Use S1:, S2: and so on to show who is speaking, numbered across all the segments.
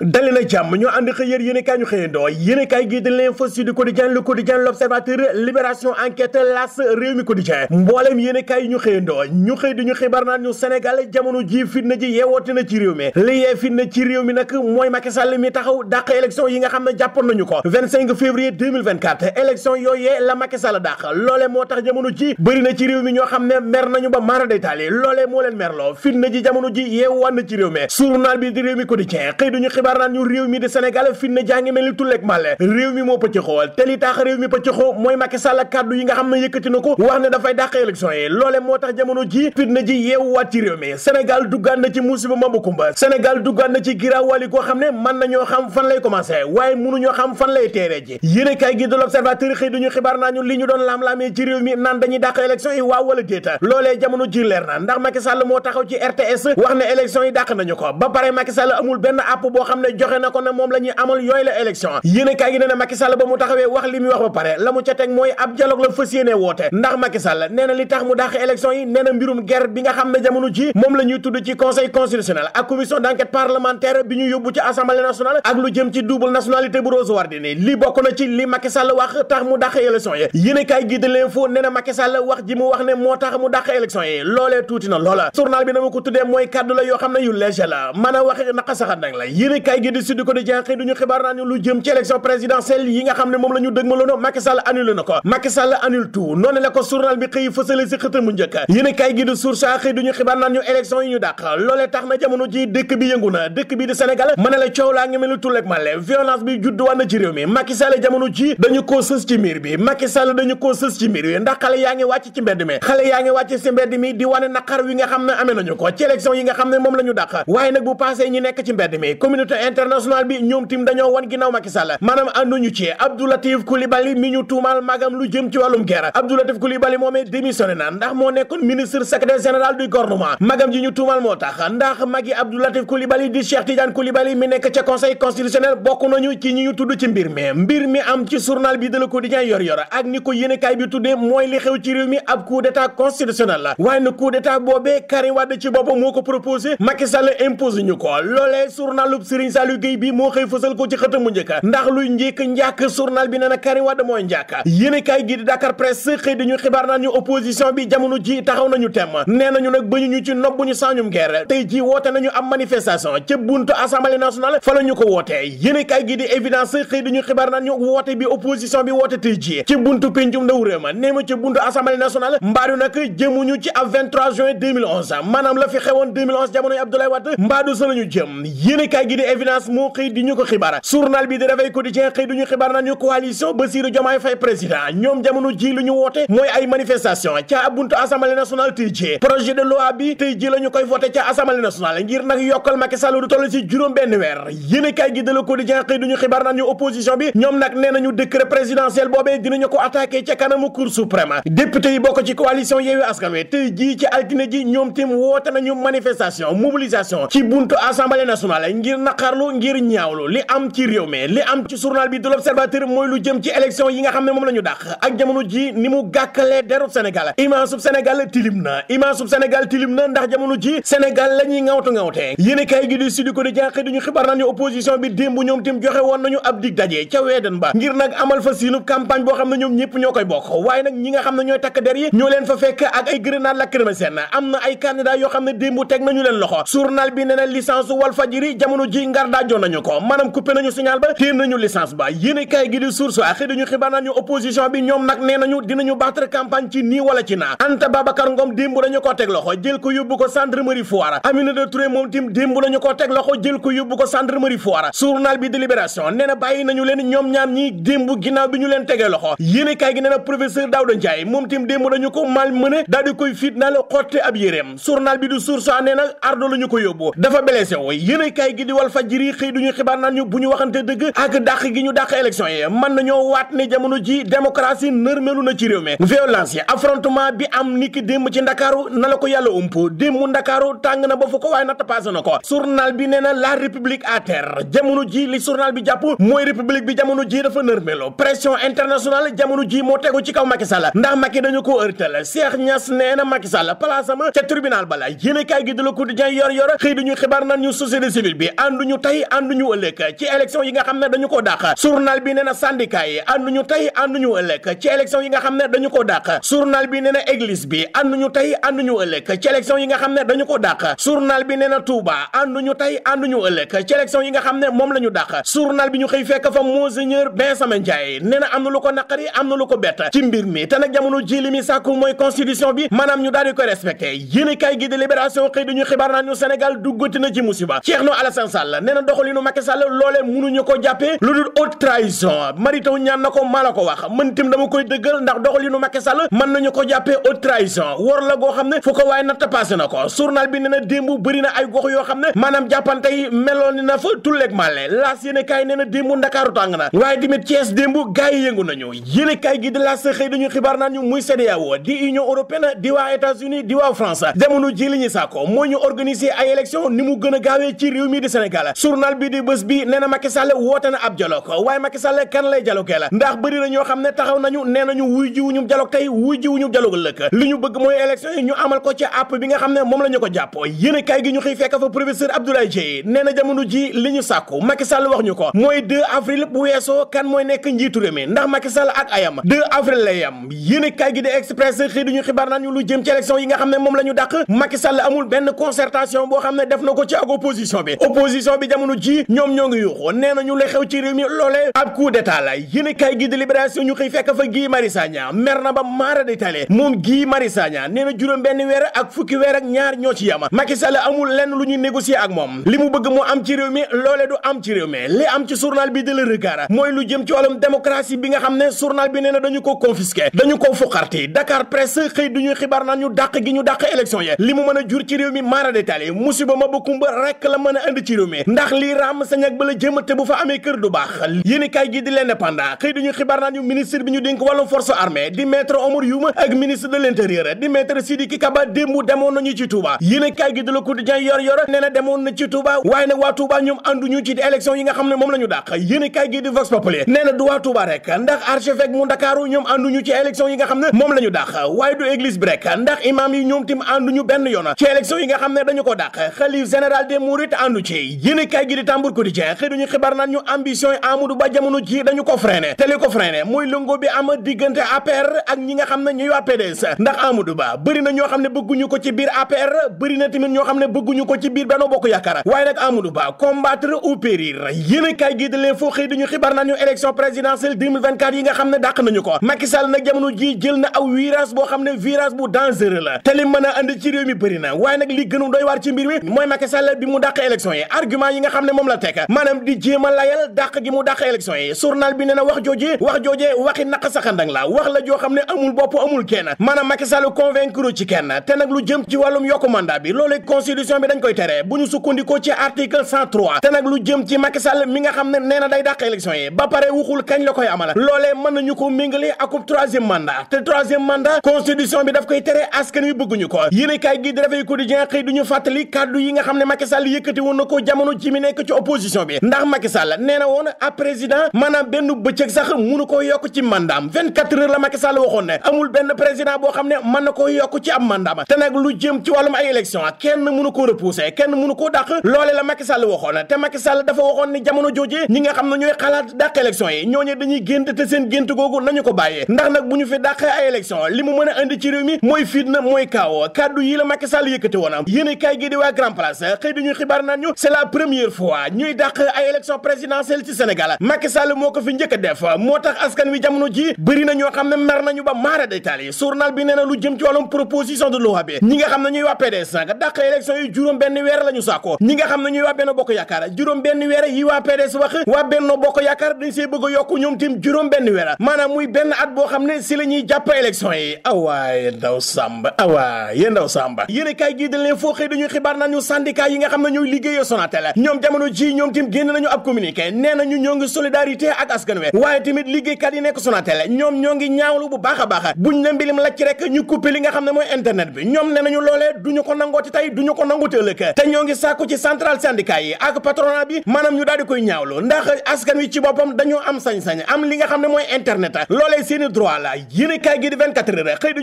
S1: dali na jàmm ñoo ànd xëy yér yéenekaay ñu xëyandoo yéenekaay gii di l'info Sud Quotidien Le Quotidien L'Observateur Libération Enquête L'As Rewmi Quotidien mbooleem yéenekaay yi ñu xëyandoo ñu xëy di ñu xibaar ñu Sénégal jamono ji fitna ji yeewoote na ci réew mi li yee fitna ci réew mi nag mooy Macky mi taxaw dàq élection yi nga xam ne jàppoon nañu ko 25 février 2024 la Macky dàq loole moo tax jamono ji bëri na ci réew mi ñoo xam ne mer na ci réew mi journal xibaar naan ñu réew mi di Sénégal fin na jàngi mel ni tulleeg màlle réew moo pëccëxoo te li tax réew mi pëccëxoo mooy Macky Sall ak kàddu yi nga xam ne yëkkati na ko wax ne dafay dàq élection na ci musiba mamba kumba koo xam ne mën nañoo xam fan lay commencé waaye mënuñoo xam fan lay teere ji yéene kaay gi de l'Observateur xëy duñu xibaar naa ñu li ñu doon laam-laamee ci réew mi naan dañuy dàq élection yi waaw wala déeta loolee jamono ji leer na ndax Macky Sall moo taxaw ci RTS wax ne élection yi dàq nañu ko ba pare Macky Sall amul benn app boo xam ne joxe na ko ne moom la ñuy amal yooyu la élection yéenekaay gi nee na Macky Sall ba mu taxawee wax li muy wax ba pare la mu ca mooy ab dialogue la fas yéene woote ndax li tax mu dàq élection yi ne na mbirum guerre bi nga xam ne jamono ji moom la ñuy tudd ci conseil constitutionnel ak commission d'enquête parlementaire bi yóbbu ci assemblée nationale ak lu jëm ci double nationalité bu Rose Wardini li bokk na ci li Macky Sall wax tax mu daq élection yi yéenekaay gi de l'info nee na Macky Sall wax ji mu wax ne moo tax mu dàq élection yi loolee tuuti na loola journal bi na ma ko tuddee mooy kàddu la yoo xam ne yu léger la a wax naqasaxa nag la kay gi di Sud Quotidien xëy duñu xibaar naa ñu lu jëm ci élection présidentielle yi nga xam ne moom la ñu dëgmaloon Macky Sall annulé na ko Macky Sall annule tout la ko journal bi xëy fësale si xëtam njëkk yéen kay gi di Source A xëy duñu xibaar naan ñu élection yi ñu dàq loolee tax na jamono ji dëkk bi yëngu na dëkk bi di Sénégal mën la coow laa ngi mel ni male violence bi judd waan ci réew mi Macky dañu koo sës ci miir bi Macky communauté internationale bi ñoom tim dañoo wan ginnaaw Macky Sall maanaam ànduñu ci Abdou Latif Coulibaly mi ñu tuumaal magam lu jëm ci wàllum guerre Abdou Latif Coulibaly moomee démissionné na ndax moo nekkoon ministre secrétaire général du gouvernement magam ji ñu tuumaal moo tax ndax magi Abdou Latif Coulibaly di Cheikh Tidiane Coulibaly mi nekk ca conseil constitutionnel bokk nañu ci ñi tudd ci mbir mi mbir mi am ci journal bi de Le Quotidien yor yor ak ni Serigne Saliou Gueye bi moo xëy la fi xewoon jamonoy Abdoulaye Wade mbaadu sa lañu jëm yéenekaay gi di évidence moo xëy di ñu ko xibaar journal bi di Réveil Quotidien xëy du ñu xibaar na ñu coalition Bassirou Diomaye Faye président ñoom jamono ji lu ñu woote mooy ay manifestation ca buntu assemblée nationale tey jii projet de loi bi tey jii la ñu koy voté ca assemblée nationale ngir nag yokkal Macky Sall du toll ci juróom benn weer yéen gi de Le Quotidien xëy du ñu xibaar naan ñu bi ñoom nag nee nañu décret présidentiel boobee dinañu ko attaqué ca kanamu cour suprême député yi bokk ci coalition Yewwi Askan Wi tey jii ci altine ji ñoom tim woote nañu manifestation mobilisation ci bunt assemblée nationale ngir nag naqarlu ngir ñaawlu li am ci réew mi li am ci journal bi de l'observateur mooy lu jëm ci élection yi nga xam ne moom la ñu dàq ak jamono ji ni mu gàkkalee derub Sénégal image sub Sénégal tilim na image ndax jamono ji Sénégal la ñuy ŋawtu ŋawtee yéen kay gi di Sud Quotidien xëy duñu xibaar naan ñu opposition bi démb ñoom tim joxe woon nañu ab dig daje ca Weeden ba ngir nag amal fa siinu campagne boo xam ne ñoom ñëpp ñoo koy bokk waaye nag ñi nga xam ne ñooy takk der yi ñoo leen fa fekk ak ay grenade lacrymogène am na yoo xam ne démb teg nañu leen loxo journal bi nee ngar daajoo nañu ko maanaam coupé nañu signal ba téem nañu licence ba yéene kaay gi di source a xëy dañu xibaar nañu opposition bi ñoom nag nee nañu dinañu battre campagne ci nii wala ci naa Anta Babacar Ngom démb dañu ko teg loxo jël ko yóbbu ko gendarmerie Foire Aminata bi de nee na bàyyi nañu leen ñoom ñaar ñi démb ginnaaw bi ñu leen tegee loxo yéene kaay gi nee na professeur Daouda Ndiaye moom tim démb dañu ko malmené daal di koy fitnaal Walfadjri xëy duñu xibaar naan ñu bu ñu waxante dëgg ak dàq gi ñu dàq élection yi mën nañoo waat ne jamono ji démocratie nërmelu na ci réew mi violence yi affrontement bi am niki démb ci ndakaaru na la ko yàlla ump démb ndakaaru tàng na ba fu ko waaye natt paase na ko journal bi nee na la république à terre jamono ji li journal bi jàpp mooy république bi jamono ji dafa nërmelu pression internationale jamono ji moo tegu ci kaw Macky Sall ndax Macky ñu tey ànduñu ëllëg ci élection yi nga xam ne dañu ko dàq journal bi nee na syndicat yi ànduñu tey ànduñu ëllëg ci élection yi nga xam ne dañu koo dàq journal bi nee na église bi ànduñu tey ànduñu ñu ci élection yi nga xam ne dañu koo dàq journal bi nee na Touba ànduñu tey ànduñu ëllëg ci élection yi nga xam ne moom la ñu dàq journal bi ñu xëy fekk fa monseigneur Benjamin Ndiaye nee na am na lu ko naqari am na lu ko bett ci mbir mi te nag jamono ji li mi sàkku mooy constitution bi maanaam ñu daal di koy respecté yéen kay gi de libération xëy dañu Sall nee na doxalinu Macky Sall loolee munuñu ko jàppee lu dul haute trahison Mary Teuw na ko maa la ko wax man tim dama koy dëggal ndax doxalinu Macky Sall mën nañu ko jàppee haute trahison war la goo xam ne fu ko waaye natt ko ay yoo xam ne maanaam jàppante yi meloon na fa tulleeg màlle laas yéene kaay nee na démb ndakaaru tàng na waaye tamit Thiès démb gars yi yëngu nañu yéene kaay gi di laas xëy dañu xibaar naan ñu muy CEDEAO di union européenne di waa États-Unis di waa moo ñu organiser ay élection ni mu gën a gaawee ci réew mi di Sénégal journal bi di bés bi nee na Macky Sall woote na ab dialogue waaye kan lay dialogué la ndax bëri na ñoo xam ne taxaw nañu nee nañu wuy jiwuñu dialogue tey wuy jiwuñu dialogue lëkk li ñu bëgg mooy élection yi ñu amal ko ci àpp bi nga xam ne moom la ñu ko jàpp yéen kay gi ñu xëy fekk fa professeur Abdoulaye Dieye nee na ji li ñu sàkku Macky Sall wax ñu ko mooy 2 avril bu weesoo kan mooy nekk njiitu réew mi ndax Macky Sall ak ayam 2 avril lay yam yéen kay gi di express xëy duñu xibaar naan ñu lu jëm ci élection yi nga xam ne moom la ñu dàq Macky Sall amul benn concertation boo xam ne def na ko ci ak opposition bi opposition opposition bi jamono ji ñoo ngi nee na ñu la xew ci réew mi loolee ab coup d'état la yéen a ñu xëy fa Guy Marius Sagna mer na ba maara di tale moom Guy Marius Sagna nee na weer ak fukki weer ak ñaar ñoo ci yama Macky Sall amul lenn lu ñuy négocier ak moom li mu bëgg mu am ci réew mi loole du am ci réew mi li am ci journal bi de la Regard mooy lu jëm ci wàllum démocratie bi nga xam ne journal bi nee na dañu ko confisqué dañu ko fuqarti Dakar Presse xëy du ñuy xibaar naa ñu dàq gi ñu dàq élection yi li mu mën a jur ci réew mi maara di tale musiba ma ba kumba rek la mën a indi ci réew mi ndax lii raam sañ ak bala jëmate bu fa amee kër du baax yéen kaay gii di l'indépendant xëy dañu xibaar naan ñu ministre bi ñu dénk wàllum force armée di maître Oumar Youm ak ministre de l'intérieur di maître Sidiki Kaba démb demoon nañu ci Touba yéen kaay gi di Le Quotidien yor yor nee demoon na ci Touba waaye nag waa Touba ñoom ànduñu ci yi nga xam ne moom la ñu dàq yéen kaay gi di Vox Populi nee ci élection yi nga xam ne moom la ñu dàq waaye du église bi rek ndax imam yi ñoom tim ànduñu benn yoon ci élection yi nga xam ne dañu ko ci yéen a ko freiné ndax Amadou Ba bëri ñoo xam ne bëgguñu ko ci biir APR bëri na ñoo xam ne bëgguñu ko ci biir Benno Bokk Yaakaar waaye nag Amadou Ba combattre ou périr yéen a kaay gi xëy duñu xibaar naan élection présidentielle 2024 yi nga xam ne dàq nañu ko Macky nag jamono ji jël na aw virage boo xam ne virage bu dangereux la te li a andi ci réew bëri na waaye nag li gënu doy waar ci mbir mi mooy Macky bi mu dàq élection yi argument yi nga xam ne moom la teg maanaam di jéem a layal dàq gi mu dàq élection yi journal bi nee wax jooje wax jooje waxi naq la wax la joo xam ne amul bopp amul kenn maanaam Macky Sall ci kenn te nag lu jëm ci wàllum yokku mandat bi loolee constitution bi dañ koy tere bu ñu sukkandikoo ci article 103 te nag lu jëm ci Macky mi nga xam ne nee day dàq élection yi ba pare waxul kañ la koy amal loolee mën nañu ko ko yéene jamono ji mi nekk woon a président maanaam benn bëccëg sax munu ko yokk ci mandaam 24 heures la Macky Sall waxoon ne amul benn président boo xam ne mën na ko yokk ci am mandaam te nag lu jëm ci wàllum ay élection kenn munu ko repousser kenn munu ko dàq loole la Macky Sall waxoon te Macky Sall dafa waxoon ni jamono jooje ñi nga xam ne ñooy xalaat dàq élection yi ñooñu dañuy gént te seen gént googu nañu ko bàyyee ndax nag bu ñu première fois ñuy dàq ay élection présidentielle ci Sénégal Macky Sall moo ko fi njëkk a def moo tax askan wi jamono ji bëri na ñoo xam ne mer nañu ba maara détaali journal bi nee na lu jëm ci wàllum proposition de loi bi ñi nga xam ne ñuy waa PDS nag dàq élection yi juróom benn weer la ñu sàkko ñi nga xam ne ñuy waa Benno Bokk Yaakaar juróom benn weer yi waa PDS wax waa Benno Bokk Yaakaar dañ see bëgg a yokk ñoom tim juróom benn weer maanaam ñu syndicat Sénégal ñoom jamono ji ñoom tim génn nañu ab communiqué nee nañu ñoo ngi solidarité ak askan wi waaye tamit liggéeykat yi nekk a xam ne mooy internet bi ñoom ne nañu loolee duñu ko nangooti tey duñu ko nangooti ëllëg te ñoo ngi ci central syndicat am sañ-sañ am nga xam ne mooy internet loolee seeni droit la yéene kaay gi di 24 heures xëy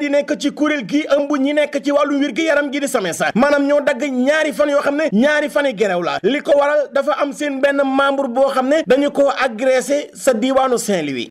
S1: yi nekk ci kuréel gi ëmb ñi nekk ci wàllu wér gi yaram gi di SAMES grèce maanaam ñoo dagg ñaari fan yoo xam ne ñaari fani gerew la li ko waral dafa am seen benn membre boo xam ne dañu ko agressé sa diiwaanu Saint-Louis